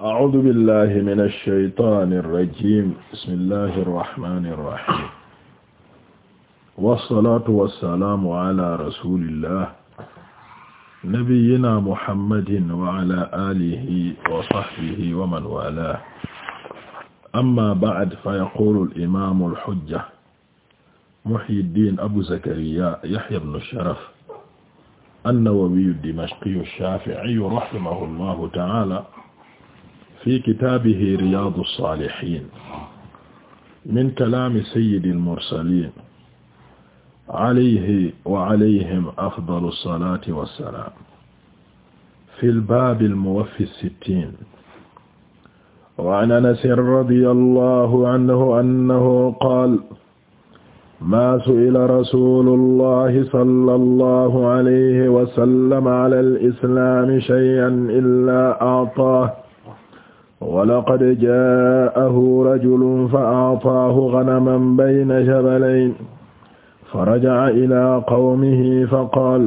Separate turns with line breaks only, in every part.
a'uudu billahi mina shaytaani rajiim bismillahi rahmaani rahiim wassalaatu wassalaamu ala rasuulillah nabiyyina muhammadin wa ala aalihi wa sahbihi wa man waalaahu amma ba'd fa yaquulu al-imaamu al-hujja muhyiddin abu zakariya yahya ibnu sharaf an-nawawiyu ad-dimashqiyu ash-shaafi'iyu rahimahu llahu ta'aala fi kitaabihi riyaadu saalihiin min kalaami sayyidil mursaliin alayhi wa alayhim afdalu salaati wa salaam fil baabil muwaffi sittiin wa an anasin radiyallaahu anhu annahu qaala maa su'ila rasuulullaahi sallallaahu alayhi wa sallam alal islaami shay'an illaa a'taahu walaqad jaahu rajulun fa aataahu ganaman bayna jabalayn fa rajaca ilaa qawmihi fa qaal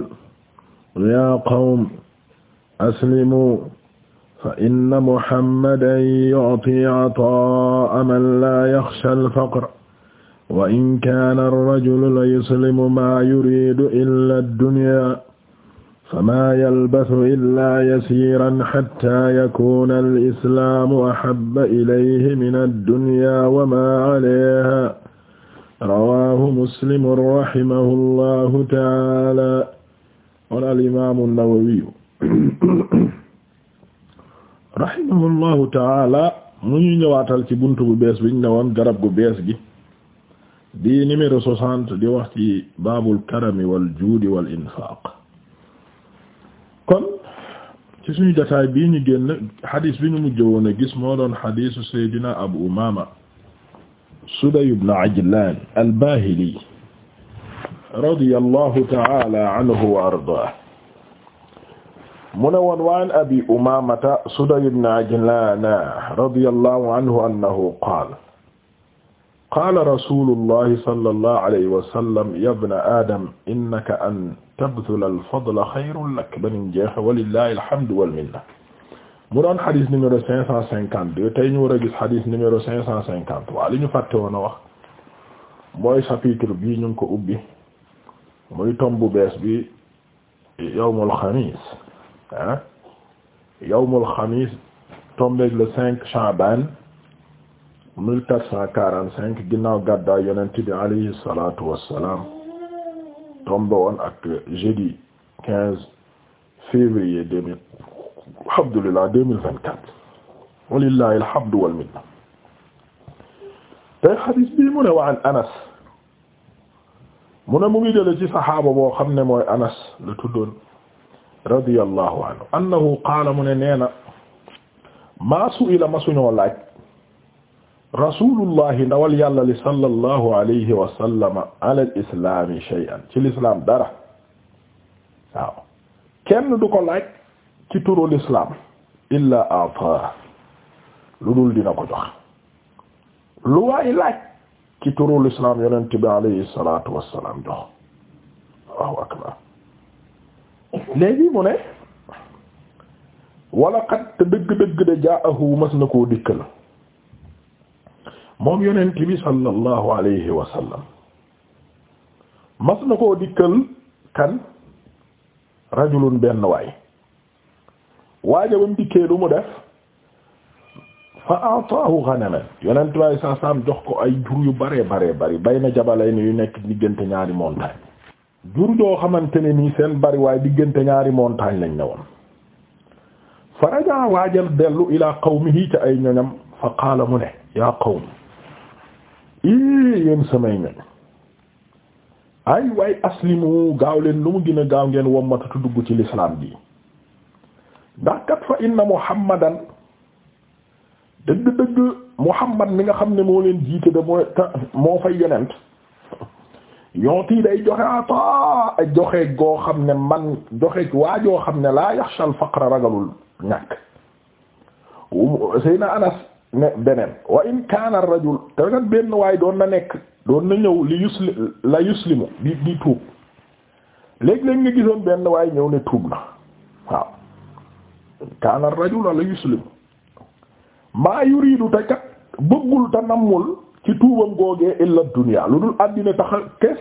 yaa qawm aslimuu fa inna muhammadan yuctii cataa'a man laa yaxsha alfaqr wa in kaana arrajulu layuslimu maa yuriidu illa addunyaa فما يلبث إلا يسيرا حتى يكون الإسلام أحب إليه من الدنيا وما عليها رواه مسلم رحمه الله تعالى قال الإمام النووي رحمه الله تعالى mu ñu ñëwaatal ci buntu bu bees bi ñu ne woon garab gu bees gi di numéro 60 di wax ci baabul karami wal juudi wal infaaq kon ci suñu jotaay bii ñu génn xadis bi ñu mujj woon a gis moo doon xadisu Seydina Abu Umaama Suday ibn Ajlaan al-Baahili radiyallahu ta'ala anhu wa ardaahu mu ne woon waan Abi Umaamata Suday ibn Ajlaan radiyallahu anhu annahu qaala qaala rasuulullahi sallallahu alayhi wa sallam ya bna aadam innaka an tabdula al-fadla xayrun lak banim jeexe walillahi alhamdu wal minna mu doon xadis numéro cinq cent cinquante deux tey ñu war a gis xadis numéro cinq cent cinquante trois li ñu fàtte woon a wax mooy chapitre bii ñu ngi ko ubbi muy tomb bu bees bi yawmul xamiis ah yawmul xamiis tombeeg le cinq Chaabaan mille quatre cent quarante cinq ginnaaw gàddaay yonent bi alayhi salatu wassalam tombé woon ak jeudi quinze février deux mu ne mu ne mu ngi jële ci boo xam ne mooy anas la tuddoon radiyallahu anhu annahu qaala mu ne nee na maa su'ila ma suñoo laaj rasulullahi ndawal yàlla sallallahu alayhi wa ala al islami ci l'islam dara kenn du ko laaj ci turu l'islam illa ata lu dul dina ko jox lu waay laaj ci turu l'islam yonent alayhi salatu wassalam jox Allahu mu ne wala qad te dëgg-dëgg de jaahu mas na koo dikkal moom yonent bi sallallahu alayhi wa sallam mas na koo dikkal kan rajulun benn waay waaja ba mu dikkee lu mu def fa ataahu ghanaman yonent bi saa jox ko ay jur yu bare bare bari bayna jabalayni yu nekk diggante ñaari montagne jur joo xamante ne nii seen bari waaye diggante ñaari montagne lañ ne woon fa rajaa waajal dellu ila qawmihi ca ay ñoñam fa qaala mu ne yaa qawmi ii yéen samay ñoñ ay waay aslimu gaaw leen lu mu gën a gaaw ngeen wommatatu dugg ci lislaam bi ndax kat fa inna muhammadan dëgg-dëgg muhammad mi nga xam ne moo leen jiite da mooy moo fay yonent yonti day joxe ata a joxe goo xam ne man waa joo xam ne laa yaxsha al ragalul ñàkk Seyna Anas ne beneen wa in kaana rajul te nag benn waay doon na nekk doon na ñëw li yusli la yuslimu di di tuub léeg-léeg nga gisoon benn waay ñëw ne tuub na waaw kaana rajul la yuslimu maa yuridu te kat bëggul te nammul ci tuubam googee illa dunya lu dul àddina tax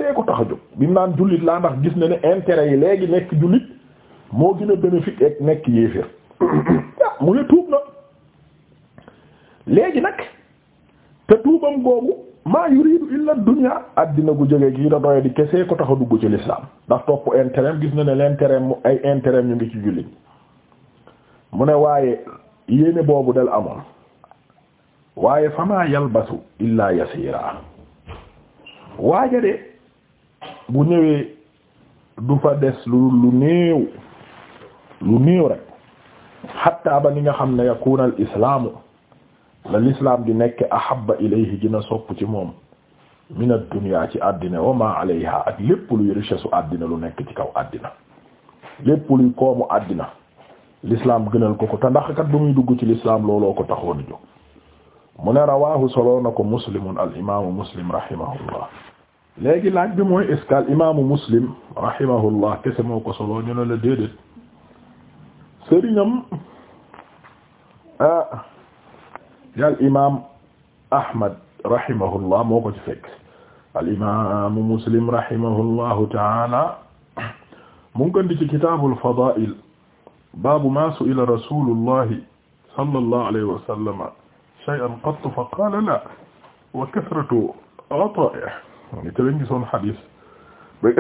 a ko tax a jóg bi naan jullit laa ndax gis na ne intérêt yi léegi nekk jullit moo gën a bénéfique ak nekk yéeféer mu ne tuub na léegi nag te tuubam googu maa yuridu illa dunya addina gu jógee gi da doye di kese ko tax dugg ci l'islam ndax topp intérêt gis na ne l'intérêt mu ay intérêt ñu ngi ci jullit mu ne waaye yéene boobu del amoon waaye famaa yalbasu illaa yasiraa waaja de bu ñëwee du fa des lu lu néew lu néew rek xatta ba ni nga xam ne yakuna al islaamu la l'islam di nekk ahabba ilayhi gën a sopp ci moom min ad-dunya ci àddina wa ma alayha ak lépp luy richesse àddina lu nekk ci kaw àddina lépp luy koomu àddina l'islam gënal ko ko te ndax kat bu muy dugg ci l'islam looloo ko taxoon jóg mu ne rawaahu soloo na ko muslimun al imaamu muslim rahimahullah léegi bi mooy est-ce kese moo ko soloo ñu ne la déedéet sëriñam ah, al imaam Ahmad rahimahullah moo ko ci fekk al imaamu Muslim rahimahullahu taala mu ngi koy di ci kitaabul fadaa'il baabu maa su'ila rasuulullahi sallallahu alayhi wa sallam shay'an qattu fa qaala laa wa kasratu ataa'ihi te lañ gisoon hadiis bi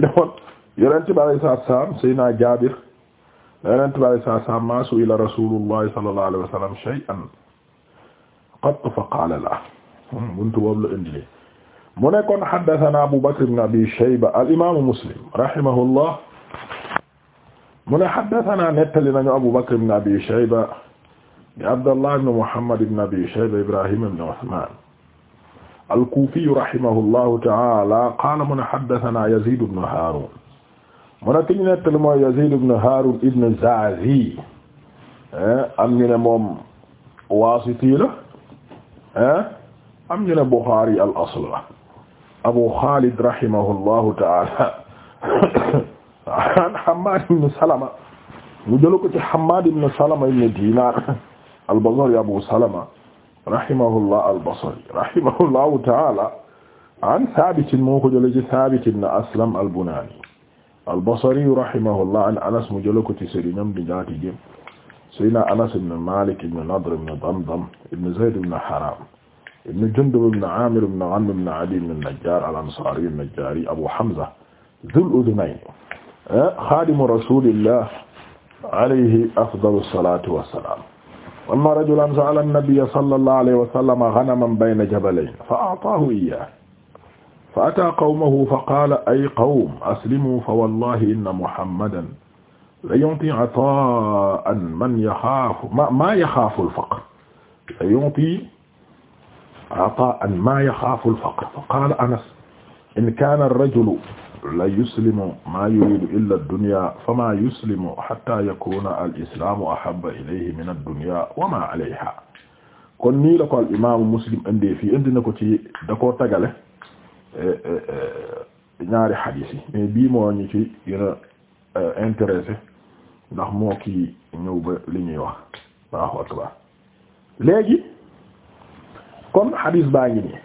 demoon Yonent bi alayhi salaatu wa salaam Seydina Jaabir Yonent bi alayhi salaatu wa salaam maa su'ila rasuulullahi sallallahu alayhi wa sallam shay'an qattu fa qaala la hmm, buntu boobu la indi mu ne kon haddathana Abu Bakr ibn Abi Shayba al imaamu Muslim rahimahullah mu ne haddathana nettali nañu Abu Bakr ibn Abi Shayba di Abdallah ibn Muhammad ibn Abi Shayba Ibrahim ibn Uthman al-Kufi rahimahullahu ta'ala qaala mu ne haddathana Yazid ibn Harun mu ne ki ñu nettali mooy Yazid ibn Harun ibn Zazi eh, am ñu ne moom Wasiti la am ñu ne Bukhari al asl la Abu Khalid rahimahullahu ta'ala an Hammad ibn Salama mu jëla ko ci Hammad ibn Salama ibn Dinar al-Basri Abu Salama rahimahullah al-Basri rahimahullahu ta'ala an Thabit moo ko jëla ci Thabit ibn Aslam al-Bunani al-Basri rahimahullah an Anas mu jëla ko ci sëriñam di jaati jëm Sayyidina Anas ibn Malik ibn Nadr ibn Damdam ibn Zayd ibn Haram ibn Jundub ibn Amir ibn Ghanm ibn Adi ibn Najjar al-Ansari an-Najjari Abu Hamza Dhul Udhunayni eh, khadimu rasulillah alayhi afdalu salatu wassalam anna rajulan sa'ala an-nabiyya sallallahu alayhi wa sallam ghanaman bayna jabalayn fa a'tahu iyyahu fa ata qawmahu fa qala ay qawm aslimu fa wallahi inna muhammadan la yonti ataan man yaxaafu ma maa yaxaaful faqr la yonti ataan maa yaxaaful faqr fa qaala anas in kaana rajulu la yuslimu maa yuridu illa dunya famaa yuslimu hatta yakuna al islaamu ahabba ilayhi min ad-dunya wa maa alayha kon nii la ko al imaamu muslim indee fii indi na ko ci da koo tagale e, e, e, ñaari xadiis yi mais bii moo ñu ci gën a intéressé. ndax moo kii ñëw ba li ñuy wax waaw akbar léegi kon xadiis baa ngi nii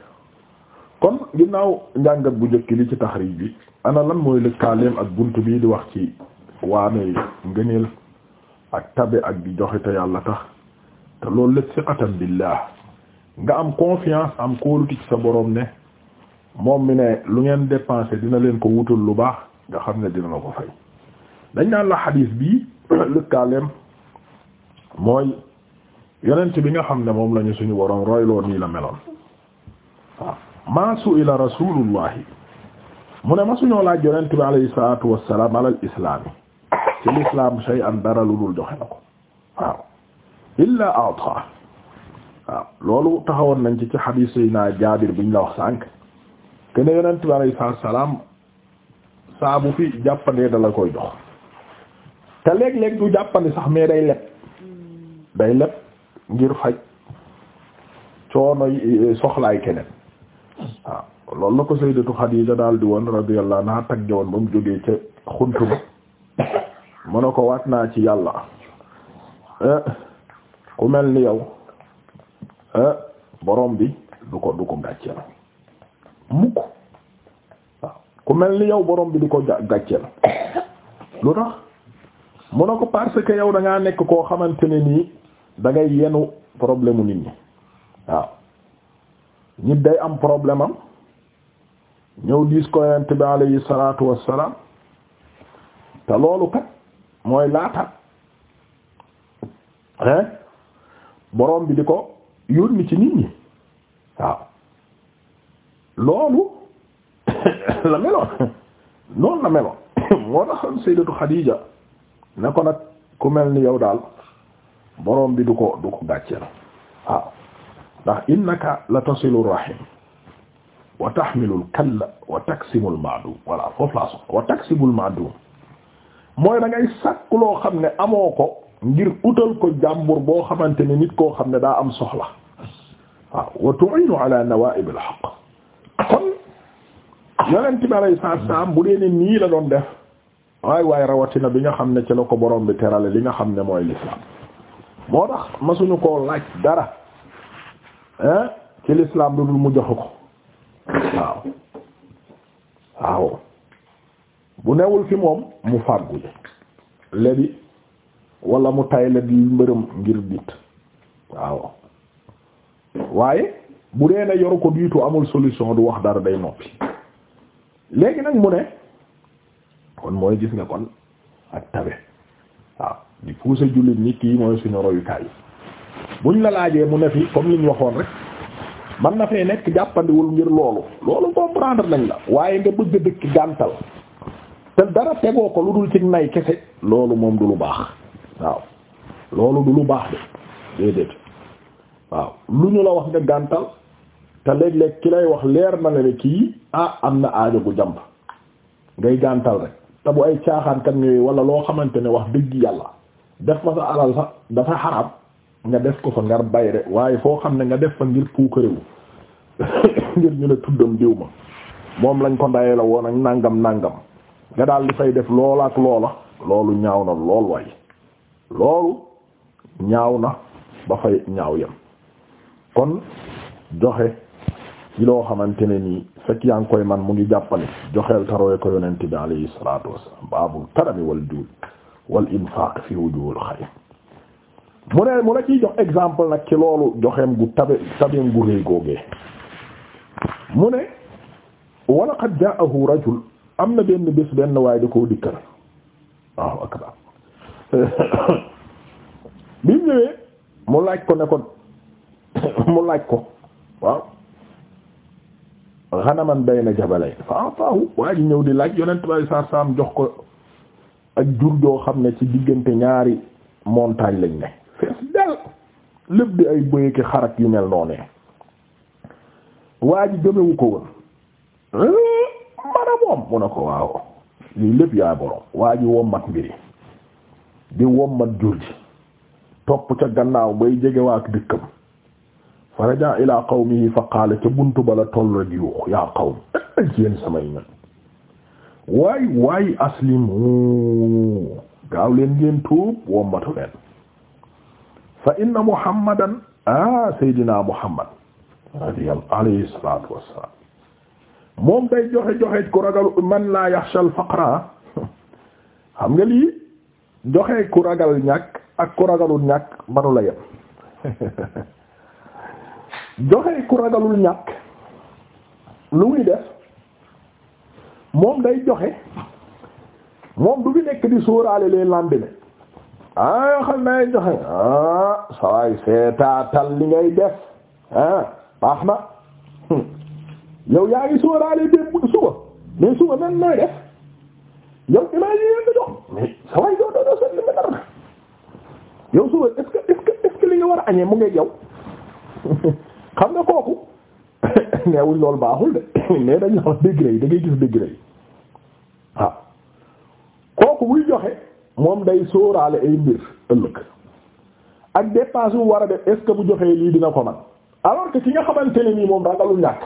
kon ginnaaw njàngat bu njëkk li ci taxriij bi ana lan mooy lëkkaaleem ak bunt bii di wax ci waamee ngëneel ak tabe ak di joxe te yàlla tax te loolu lépp siqatan billah nga am confiance am kóolute ci sa boroom ne moom mi ne lu ngeen dépensé dina leen ko wutul lu baax nga xam ne dina la ko fay dañ naan la xadiis bii lëkkaaleem mooy yonent bi nga xam ne moom lañu suñu waroon royloo nii la meloon waaw maa su'ila rasulullahi mu ne ma suñoo laaj yonent bi alayhi salaatu wassalaam alal islaam ci lislaam shay'an dara lu dul joxe na illaa a'taa loolu taxawoon nañ ci ci xadiis naa jaabir biñ la wax sànq te ne yonent bi alayhi salaatu wassalaam fi jàppandee dala koy jox te léeg-léeg du jàppandi sax mais day leb day leb ngir faj coono eh, soxlaay keneen waaw ah, loolu na ko sayyidatu Xadiija daal di woon radiyallahu anha naa woon joon mu jógee ca xuntu ba mu ne ko waat naa ci yàlla ah, ku mel ni yow borom bi du ko du ko gàcceel mukk ku mel ni yow borom bi du ko gàcceel lu tax mu ne ko parce que yow dangaa nekk koo xamante ne nii dangay ngay yenu problème mu nit ñi waaw nit day am problème am ñëw diis ko yonent bi alayhi salaatu wassalaam te loolu kat mooy laata hein borom bi di ko yónni ci nit ñi waaw loolu la meloon noonu la meloon moo tax Sayyidatu Xadiija ne ko nag ku mel ni yow daal borom bi du ko du ko gàcceel waaw ndax innaka la tasilu rahim wa tahmilul kalla wa taksimul ma'dum voilà laa soxla wa taksimul mooy da ngay xam ne amoo ko ngir utal ko jàmbur boo xamante ne nit koo xam ne daa am soxla waaw wa tu'inu ala ne nii la def waay waaye rawatina bi nga xam ne ci la ko borom bi terale li nga xam ne mooy l'islam moo tax ma suñu koo laaj dara hein ci l'islam lu dul mu jox ko waaw waaw bu newul fi moom mu fàggu ji lebi wala mu tay le di mbërëm ngir diit waaw waaye bu dee ne yoru ko diitu amul solution du wax dara day noppi léegi nag mu ne kon mooy gis nga kon ak tabe waaw di puusa jullit ñi kii mooy suñu royukaay buñ la laajee mu ne fi comme liñ waxoon man na fee nekk jàppandiwul ngir loolu loolu comprendre nañ la waaye nga bëgg a dëkk gàntal te dara tegoo ko lu dul ci nay kese loolu moom du lu baax waaw loolu du lu baax de déedéet waaw lu ñu la wax nga gàntal te léeg-léeg ki lay wax leer na la ne kii ah am na aajo gu jàmb ngay gàntal rek te bu ay caaxaankat ñëwee wala loo xamante ne wax dëgg yàlla def ma sa alal sax dafa xarab nga def ko fa ngar bayre waaye foo xam ne nga def fa ngir puukarewu ngir ñu ne tuddam diw ma moom lañ ko ndayee la woon ak nàngam nàngam nga daal di fay def loola ak loola loolu ñaaw na lool waaye loolu ñaaw na ba fay ñaaw yam kon joxe ci loo xamante ne nii fekk yaa ngi koy man mu ngi jàppale joxeel tarooy ko yonent bi alayhi salaatu wassalaam baabul karami wal juul wal infaq fi wujuhul xayr mu ne mu la ciy jox nag ci loolu joxeem gu tabe tabeem gu rëy rajul am na benn bés benn waaye da koo dikkal waaw akbar bi mu ñëwee mu laaj ko ne ko mu laaj ko waaw xanaman bayna jabalay fa ataahu waa ji ñëw di laaj yonent bay sar sam jox ko ak jur joo xam ne ci diggante ñaari montagne lañ ne fees del lépp di ay bëyëki xarak yu mel noonee waa ji gëmewu ko woon mana moom mu ne ko waaw lii lépp yaay borom waa ji wommat mbiri di wommat jur ji topp ca gannaaw bay jege waa dëkkam fa rajaa ila qawmihi fa qaala ca buntu bala toll di yuux yaa qawm yéen samay ñoñ waay waay aslimu gaaw leen ngeen tuub wombatu leen fa inna muhammadan ah saydina muhammad radiyallahu alayhi salaatu wassalaam moom day joxe joxe ku ragal man laa yaxshal faqra xam nga lii joxe ku ragal ñàkk ak ku ragalul ñàkk manu la yem joxe ku ragalul ñàkk lu muy def moom day joxe moom du fi nekk di sóoraale les lendemain ah xam naa joxe ah sawaay seetaatal li ngay def ah baax na yow yaa ngi sóoraale démb suba mais suba nan nooy def yow imagine nga jox sawaay doo doo doo li nga war a añee mu ngi yow xam nga kooku neewuñ loolu baaxul de mais dañ la yi dangay gis degré yi waaw ah. kooku buy joxe moom day sóoraale ay mbir ëllëg ak dépense bu war a def est bu joxee lii dina ko man alors que ki nga xamante ne nii moom ragalul ñàkk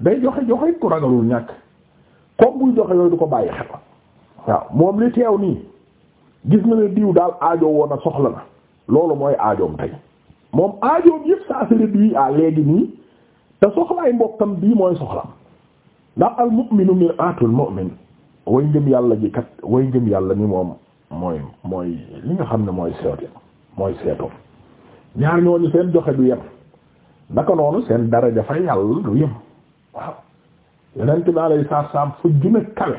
day joxe joxe ku ragalul ñàkk comme buy joxe yooyu du ko bàyyi xel waaw moom li teew nii gis na ne diw daal aajo woon a soxla na loolu mooy aajoom tey moom aajoom yëpp saafara bii ah léegi nii te soxlaay mbokkam bii mooy soxlam ndax al mu'minu mir'atul mu'min way ngëm yàlla ji way ngëm yàlla ni moom mooy mooy li nga xam ne mooy seete mooy seetoom ñaar ñooñu seen joxe du yem naka noonu seen dara dafay yàlla du yem waaw yeneen bi alay saar saam fu gën a kale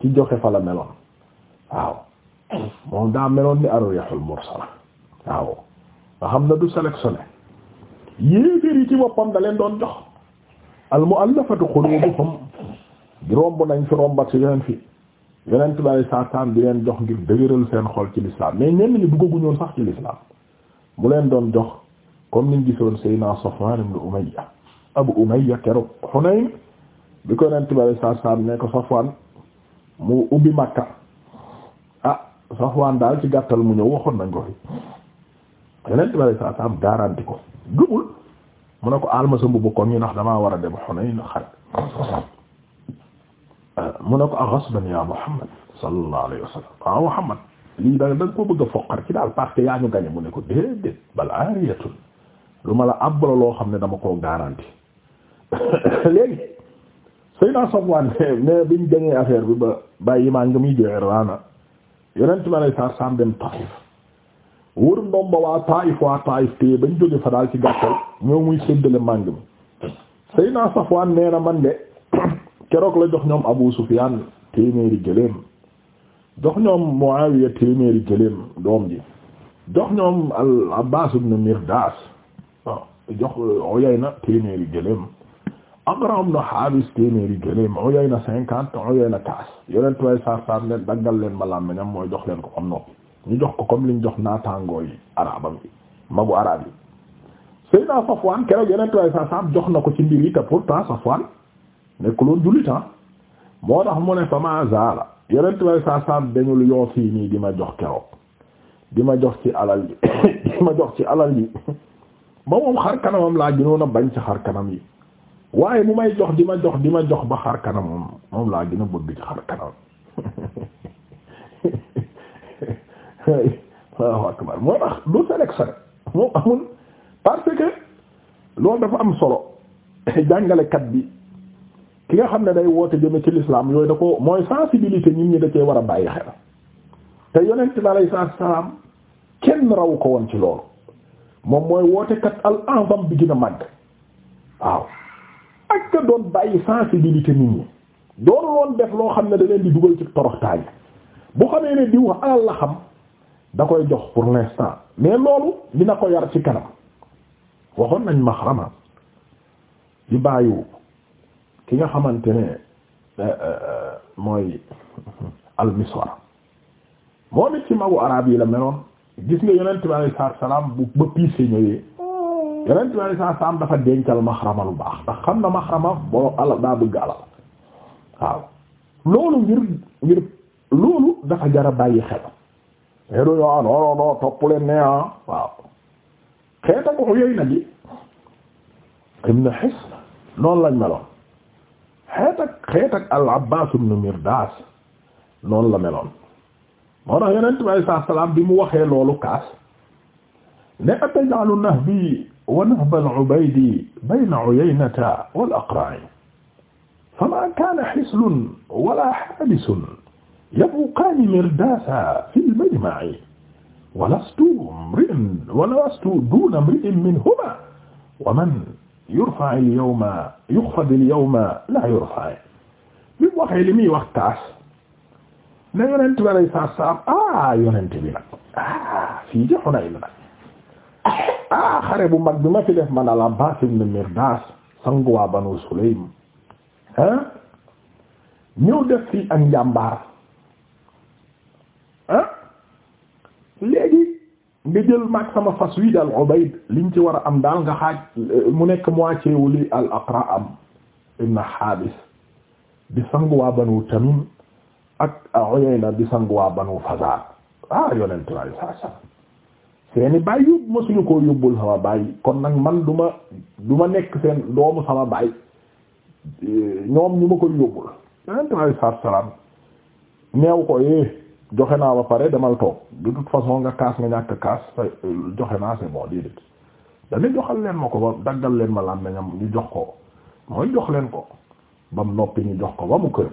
ci joxe fa la meloon waaw moom daa meloon ni ar-rihul mursala waaw nga xam ne du sélectionné yéeféer yi ci boppam da leen doon jox al mu'allafatu qulubuhum romb nañ fi rombat si yeneen fi yeneen tubaab yi saataan di leen jox ngir dëgëral seen xool ci l'islam mais ñenn ñi duggaguñoon sax ci l'islam mu leen doon jox comme niñ gisoon Seydina Safwan ibn Umayya Abu Umayya keroog Hunayn bi ko yeneen tubaab yi saataan ne ko Safwan mu ubbi Makka ah Safwan daal ci gàttal mu ñëw waxoon nañ ko fi. yeneen tubaab yi saa saa garanti ko gëmul mu ne ko alma sa mbubb kon ñu ndax damaa war a dem Hunayn xare mu ne ko a ghasban ya Muhammad sallallahu alayhi wa sallam waaw ah, Muhammad lii da nga ko bëgg a foqar ci daal parce que yaa ñu gañe mu ne ko déedéet bal aariyatun lu ma la àbb la loo xam ne dama ko garanti léegi Seydina Safwan ne biñ gañee affaire bi ba bàyyi maa ngi muy joxe raana yeneen tubaab yi saa saa dem Taif wër ndomba waa Taayif waa Taayif téye bañ jóge fa daal ci gàttal ñoo muy séddale màng mi Seydina Safwaan nee man de keroog la jox ñoom Abu Sufyaan téeméeri gëléem jox ñoom Muawiya téeméeri gëléem doom ji jox ñoom al Abbaas ibn Mirdaas jox Uyayna téeméeri gëléem Aqra ibn Haabis téeméeri gëléem Uyayna cinquante Uyayna kaas yonent way saar saar ne daggal leen ma làmmiñam mooy jox leen ko am noppi ñu jox ko comme liñ jox naataangoo yi arabam yi magu arab yi Seydina Safwan keroog yeneen tubaab sa saam jox na ko ci mbir yi te pourtant Safwan nekkuloon jullit ah moo tax mu ne sama zaala yeneen tubaab sa saam dañul yoo fii nii di ma jox keroog di ma jox ci alal yi ma jox ci alal yi ba moom xar kanamam laa gënoon a bañ ci xar kanam yi waaye mu may jox di ma jox di ma jox ba xar kanam moom laa gën a bëgg ci xar kanam. waaw akbar moo tax du sélectionné moom amul parce que loolu dafa am solo jàngalekat bi ki nga xam ne day woote jëme ci l'islam yooyu da ko mooy sensibilité ñun ñi da cee war a bàyyi xel te yonent bi alayhi salaam kenn raw ko woon ci loolu moom mooy wootekat al envam bi gën a màgg waaw ak ka doon bàyyi sensibilité nit ñi doonu loon def loo xam ne da leen di dugal ci toroxtaay bu xamee ne diw alal la xam da koy jox pour l'instant mais loolu dina ko yar ci kanam waxoon nañ maxrama di bàyyiwu ki nga xamante ne euh, euh, mooy almiswar moom it ci magu araab yi la meloon gis nga yonent bi alayhi salaam bu ba piise ñëwee yonent bi alayhi salaam dafa dencal maxrama lu baax ndax xam na maxrama boo alal daa bëgg alal waaw loolu ngir ngir loolu dafa jara bàyyi xel mais ah, du non non non topp leen ne ah waaw xeeta ko yooyu na bi ibn Hisn noonu lañ meloon xeetak xeetak al-Abbaas ibn Mirdaas noonu la meloon moo tax Yonent bi alayhi salaam bi mu waxee loolu kaas ne ataj'alu nahbi wa nahba al-'ubaydi bayna 'uyaynata wal-aqra'i famaa kaana hislun wala haabisun yabuqaani mirdaasa fil majma'i walastu imri'an walastu duuna imri'in minhumaa wa man yurfa'u al-yawma yukhfadu al-yawma laa yurfa'u bi mu waxee li muy wax taas na yonent bi alayhi salaam ah yonent bi nag ah fii ja Hunayn nag ah xare bu mag bi ma fi def man al-Abbaas ibn Mirdaas sangu waa Banu Sulaym ah ñëw def fii ak njàmbaar ah léegi nga jël maag sama fas wi daal Ubayd liñ ci war a am daal nga xaaj euh, mu nekk moitié wu li al Aqra am ibn Haabis di sangu Banu Tamim ak Uyayna ah, yonent sallallahu alayhi wa sallam seeni baay yóbbu ma suñu koo yóbbul sama baay kon nag man du ma du ma nekk seen doomu sama baay euh, ñoom ñu ma koy yóbbul yonent sallallahu alayhi wa sallam neew ko eh joxe naa ba pare demal toog de toute façon nga kaas nga ñàkk kaas euh, joxe naa c'est bon déedéet dañuy joxal leen ma ko ba daggal leen ma lan nañam ñu jox ko mooy jox leen ko ba mu noppi ñu jox ko ba mu kër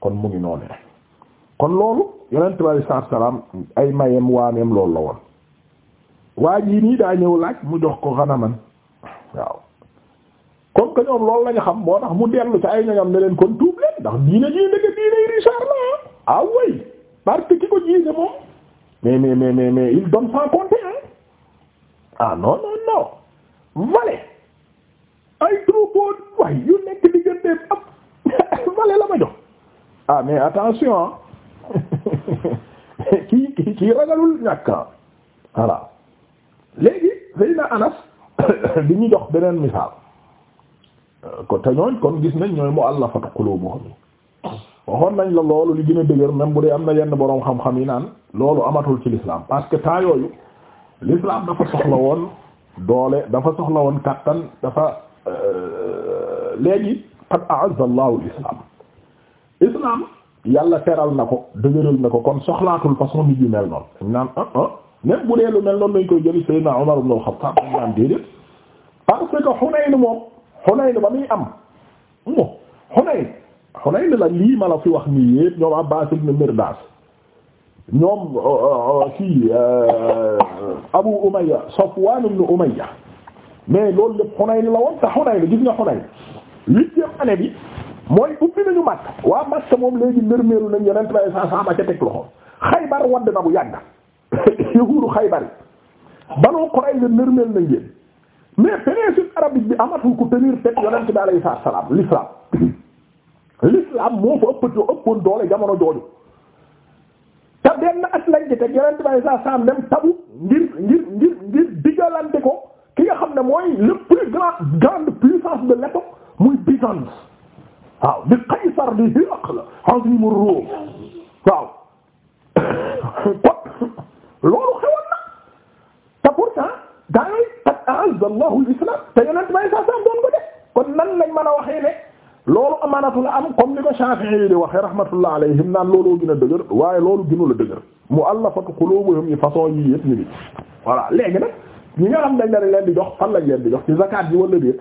kon mu ngi noonu kon loolu yonent bi alayhi salaatu salaam ay mayem waameem loolu la woon waa jii nii daa ñëw laaj mu jox ko xanaman waaw comme que ñoom loolu lañu xam moo tax mu dellu ci ay ñoñam ne leen kon tuub leen ndax diine jii ndeke diine yi richard parce ki ko jiite moom mais mais mais mais il donne sans compter ah non non non vale ay troupeau waay yu nekk diggante ab vale la ma jox ah mais attention kii kii kii ragalul ñàkk voilà léegi Seydina Anas di ñu jox beneen misaal euh, kon te ñooñ kon gis nañ ñooy mu àllafatu qulubuhum waxoon nañ la loolu li gën a dëgër même bu dee am na yenn boroom xam-xam yi naan loolu amatul ci l'islam parce que temps yooyu l'islam dafa soxla woon doole dafa soxla woon kattan dafa euh, léegi a a'azza Allahu l'islam islam yàlla teral na ko dëgëral na ko kon soxlaatul façon nit yu mel noonu dañ naan ah, ah bu dee lu mel noonu lañ koy jëli Seydina Umar ibn al-Khattab dañ naan déedéet parce que Hunayn moom Hunayn ba muy am mo Hunayn Hunayn la lii ma la fi wax nii yépp ñoom Abbas ibn Mirdas ñoom ci euh, euh, euh, Abu Umayya Safwan ibn Umayya mais loolu lépp Hunayn la woon te Hunayn gis nga Hunayn huitième année bi mooy ubbi nañu Makka waa Makka moom léegi mérméeru nañ yonent bay sa sama ca teg loxo Xaybar bi amatul ku tenir teg yonent bi alayhi salaam l'islam l'islam moo fa ëppatoo doole jamono jooju te benn at lañ ci tabu ngir ngir ngir ngir ki nga xam ne mooy le plus grand grande puissance de l'époque muy Byzance waaw di Qaysar di Hiraql azim ar-Rum waaw loolu xewoon na te pourtant daa ngay qad a'azza Allahu al-islam te yonent bi doon ko def kon nan lañ mën a waxee ne. loolu amaanatul am comme ni ko Shafi'i yi di waxee rahmatullah alayhim naan looloo gën a dëgër waaye loolu gënul a dëgër mu'allafatu qulubuhum yi façon yii yëpp ñu ngi voilà léegi nag ñi nga xam dañ leen di jox fan lañ leen di jox ci zakat bi wala déet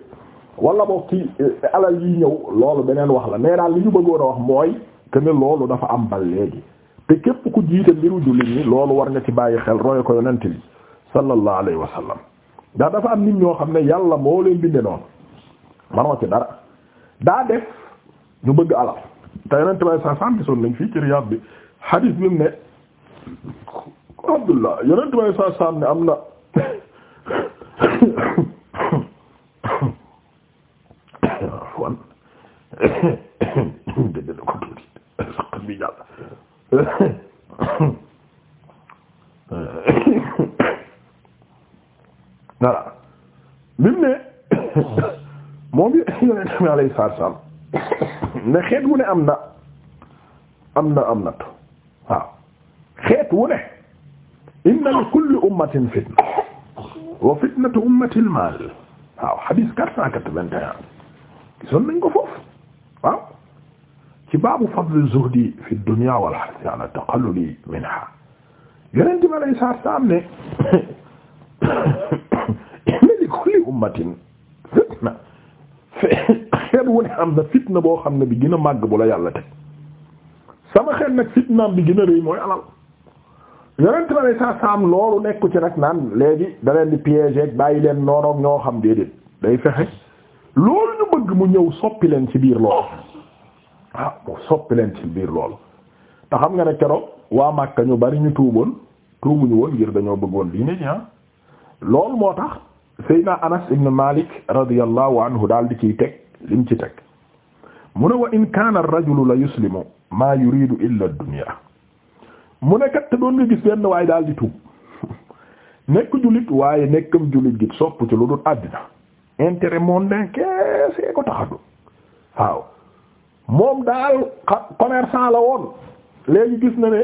wala boog ci eh, alal yi ñëw loolu beneen wax la mais daal li ñu bëggoon a wax mooy que ne loolu dafa am bal léegi te képp ku jiite mbiru jullit ñi loolu war nga ci bàyyi xel roye ko yonent bi sallallahu alayhi wa sallam ndax dafa am nit ñoo xam ne yàlla moo leen binde noonu manoo ci dara daa def ñu bëgg alal te yonent bay saa saam gisoon nañ fii ci Riyad bi hadis bi mu ne Abdullah saa saam ne am na wan dëgg na ko moom bi yonent bi alayhi salaam ne xeet wu ne am na am na am nat waaw xeet wu ne inna li kulli ummatin fitna wa fitnatu ummati al-maal waaw hadith quatre cent quatre-vingt-un gisoon nañ ko foofu waaw ci baabu fadl zuhdi fi dunya wal harth ala taqalluli minha yonent bi alayhi salaam ne inna li kulli ummatin fitna xeet wu ne am na fitna boo xam ne bi gën a màgg bu la yàlla teg sama xeet nag fitnaam bi gën a mooy alal yonent ma ne saa saam loolu nekku ci nag naan léegi da leen di piéger bàyyi leen noonoog ñoo xam déedéet day fexe loolu ñu bëgg mu ñëw soppi leen ci biir loolu waaw ah mu soppi leen ci biir loolu te xam nga ne keroog waa Màkka ñu bari ñu tuuboon tuubuñu woon ngir dañoo bëggoon lii ne ñaa ah. loolu moo tax Seydina Anas ibn Malik radiyallahu anhu daal di ciy teg lim ci teg mu ne wa in kaana ar-rajulu la yuslimu maa yuridu illa ad-dunya mu ne kat doon gis benn waaye daal di tuub nekk jullit waaye nekk jullit gi sopp ci lu dul àddina intérêt mondain kese ko taxadu waaw moom daal commerçant la woon léegi gis na ne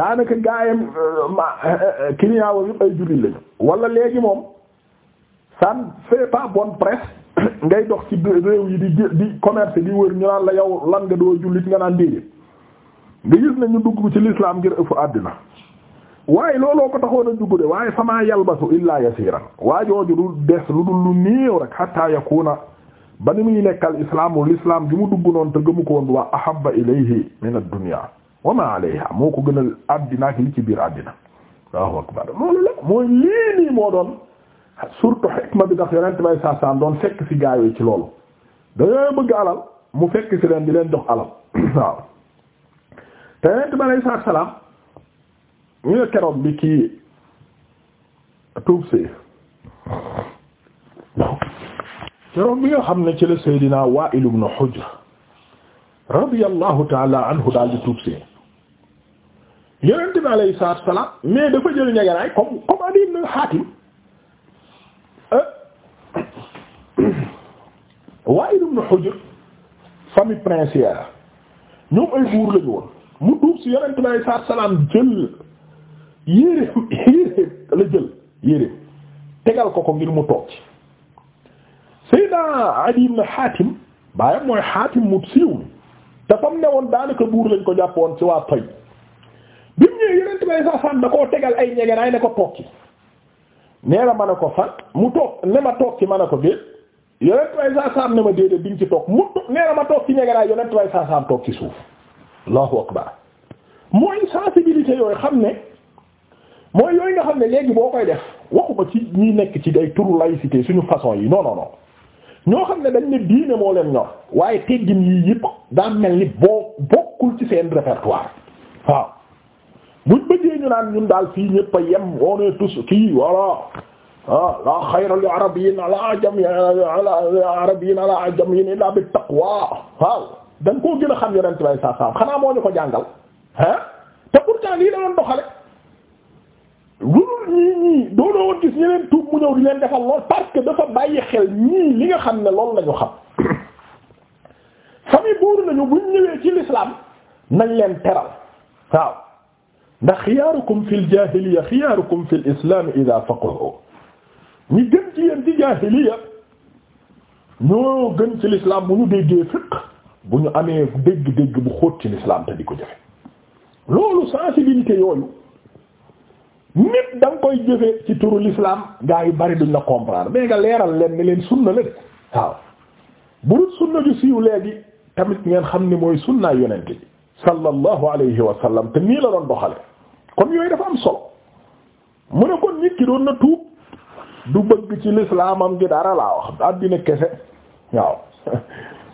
daanaka gaayam euh, euh, euh, client wa yëpp ay jullit lañu wala léegi moom ça ne fait pas ngay dox ci réew yi di di commerce di wër ñu naan la yow lan nga doo jullit nga naan déedéet nga gis ne ñu dugg ci l'islam ngir ëpp àddina waaye looloo ko taxoon a dugg de waaye famaa yalbasu illaa yasiran waa jooju du des lu dul lu néew rek hatta yakuna ba ni muy nekkal islaamu l'islam ju mu dugg noonu te gëmu ko woon waa ahabba ilayhi min ad-dunya wa ma alayha moo ko gënal àddina ak li ci biir àddina waaw loolu la mooy lii surtout xikma bi tax yonent bay saa saa doon fekk ci gaa ci loolu dañoo bëgg alal mu fekk ci leen di leen dox alal waaw te yonent ba lay saa salaam ñu ne keroog bi kii tuub see keroog bi nga xam ne ci la Seydina Wa'il ibn Hujr radiyallahu ta'ala anhu daal di tuub see yonent bi alayhi salaatu wa salaam mais dafa jël ñeganaay comme comme Adi ibn Hatim Wa'il ibn Hujr famille princière ñoom ay buur lañu woon mu tuub si yonent bi saa salaam jël yéreem yéreem la jël yéreem tegal ko ko ngir mu toog ci Seydina Adi ibn Hatim baayam mooy Hatim mu siiw mi te fam ne woon daanaka buur lañ ko jàpp woon ci waa toy bi mu ñëwee yonent bi saa salaam da koo tegal ay ñegenaay ne ko toog ci nee na ma ne ko fan mu toog ne ma toog ci ma ne ko géej yonent way am na ma déedéet biñ ci toog mut nee na ma toog ci ñegaraay yonent way saasaam toog ci suuf allahu akbar mooy sensibilité yooyu xam ne mooy yooyu nga xam ne léegi boo koy def waxuma ci ñi nekk ci day turu laïcité suñu façon yi non non non ñoo xam ne dañ ne diine moo leen ñor waaye teggin yii yëpp daa mel ni boo bokkul ci seen répertoire waaw buñ bëggee ñu naan ñun daal fii ñëpp a yem on tous kii voilà ah la xayra li arabiyyin ala ajamiyyin ala arabiyyin ala ajamiyyin illa bi taqwa waaw dañ koo gën a xam yonent bay saa xanaa moo ko jàngal ah te pourtant lii la doon doxale lu dul ñii ñii dooloo woon gis mu ñëw di leen lool parce que dafa bàyyi xel ñii li nga xam ne loolu la ñu xam famille buur nañu buñ ñëwee ci l'islam nañ leen teral waaw ndax xiyaarukum fil jaahiliyya xiyaarukum fil islam idha faqahu ñi gën ci yéen ci jaahiliya ñoo ci l'islam bu ñu déggee fiqh bu ñu amee dégg-dégg bu xóot ci l'islam te di ko jëfe loolu sensibilité yooyu nit da koy jëfe ci turu l'islam gaa yu bari duñ la comprendre mais nga leeral leen ne leen sunna la de waaw bu dul sunna ju siiw léegi tamit ngeen xam ni mooy sunnaa yonente bi sallallahu alayhi wa te nii la doon doxale kon yooyu dafa am solo mu ne kon nit ki doon na tuub du bëgg ci lislaamam gi dara laa wax àddina kese waaw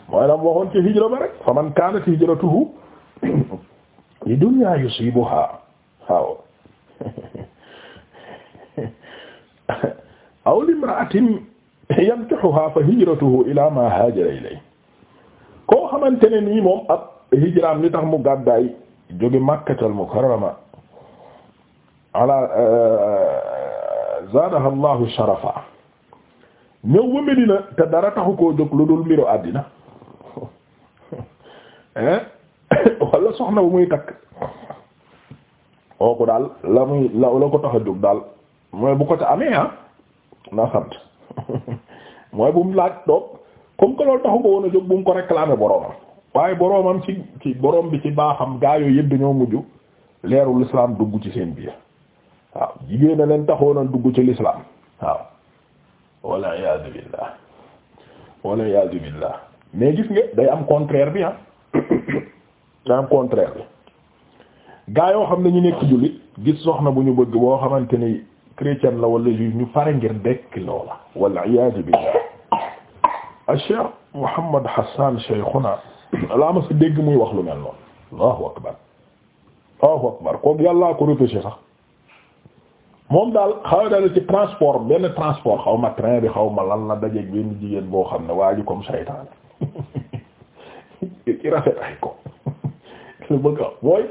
mooy la mu waxoon ci hijra ba rek fa man kaanat hijratuhu li dunyaa yusibuha waaw aw limra'atin yankihuha fa hijratuhu ila ma haajara ilay koo xamante ne nii moom ab hijraam li tax mu gàddaay jóge Makkatal Mukarrama ala zaadaha allahu sharafa ñëw ba Medina te dara taxu koo jóg lu dul mbiru àddina hein wala soxna bu muy takk kooku daal la muy la la ko tax a jóg daal mooy bu ko ca amee ah na sant mooy bu mu laaj toog comme que loolu taxu ko woon a jóg bu mu ko réclamer boroomam waaye boroomam ci ci boroom bi ci baaxam gaa yooyu yëpp dañoo mujj leerul islam dugg ci seen biir waaw jigéen a leen taxoon a dugg ci lislaam waaw walla iyaazu billaah walla iyaazu billaah mais gis nga day am contraire bi ah day am contraire bi gaa yoo xam ne ñu nekk jullit gis soxna bu ñu bëgg boo xamante ni chrétien la wala juif ñu pare ngir dekk loola walla iyaazu billaah a cheikh Muhammad Hassan cheikhuna laa ma sa dégg muy wax lu mel noonu allahu akbar allahu akbar kooku yàllaa ko repêché sax moom daal xaw dal ci transport benn transport xaw ma train bi xaw ma lan la dajeeg benn jigéen boo xam ne waa ji comme saytaan ci rafet ay ko lu mooy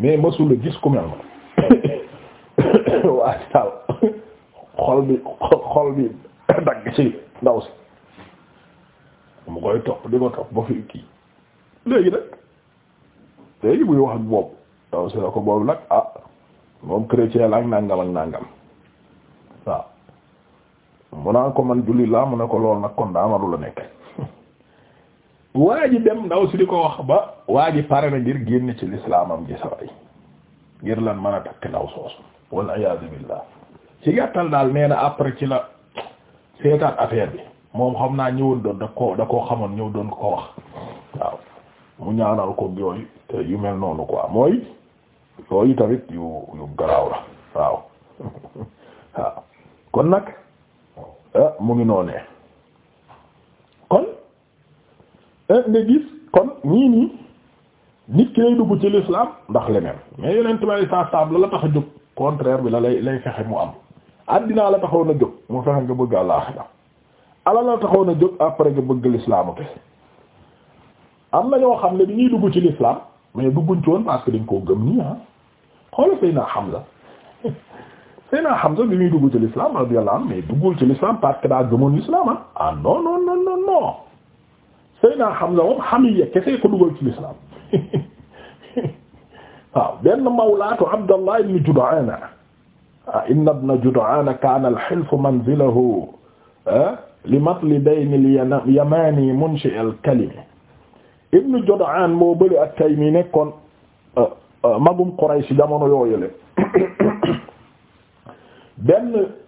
mais mësula gis ku mel ma waa ji xol bi xol bi dagg ci ndaw si mu koy topp di ko topp ba fi kii léegi nag léegi buy wax ak boobu ndaw si la ko boobu nag ah moom chrétien la ak nangam ak nangam waaw mu naa ko man jullit laa mu ne ko lool nag kon daa la nekk waa dem ndaw si di ko wax ba waa ji pare na ngir génn ci lislaamam gi saway ngir lan mën a takk ndaw soosu walla iyaazu billaah ci gàttal daal nee après ci la seetaat affaire bi moom xam naa ñëwoon doon da ko da koo xamoon ñëw doon ko wax waaw mu ñaanal ko yooyu te yu mel noonu quoi mooy yooyu tamit yu yu garaaw la waaw waaw kon nag eh, mu ngi noonee kon eh, nga gis kon nii nii nit ki lay dugg ci l'islam ndax leneen mais yeneen tubaab yi saa saab la la tax jóg contraire bi la lay fexe mu am addinaa la taxawoon na jóg mu fexe nga bëgg àllaaxira alal la taxawoon a jóg après nga bëgg l'islam kese am na ñoo xam ne bi ñuy dugg ci l'islam mais dugguñ ci woon parce que dañ koo gëm nii ah xoolal Seydina Hamza Seydina Hamza bi muy dugg ci l'islam radiyallahu anhu mais duggul ci l'islam parce que daa gëmoon l'islam ah ah non non non non non Seydina Hamza moom hamiya kese ko dugal ci l'islam waaw benn mawlaatu Abdallah ibn Jud'ana ah inna ibn Jud'ana kaana al-hilfu manzilahu ah, li matlibayni al-yamani munshi al-kalimi ibn Jud'an moo bëri at-Taymi nekkoon. Ah, magum Quraysh jamono yooyule benn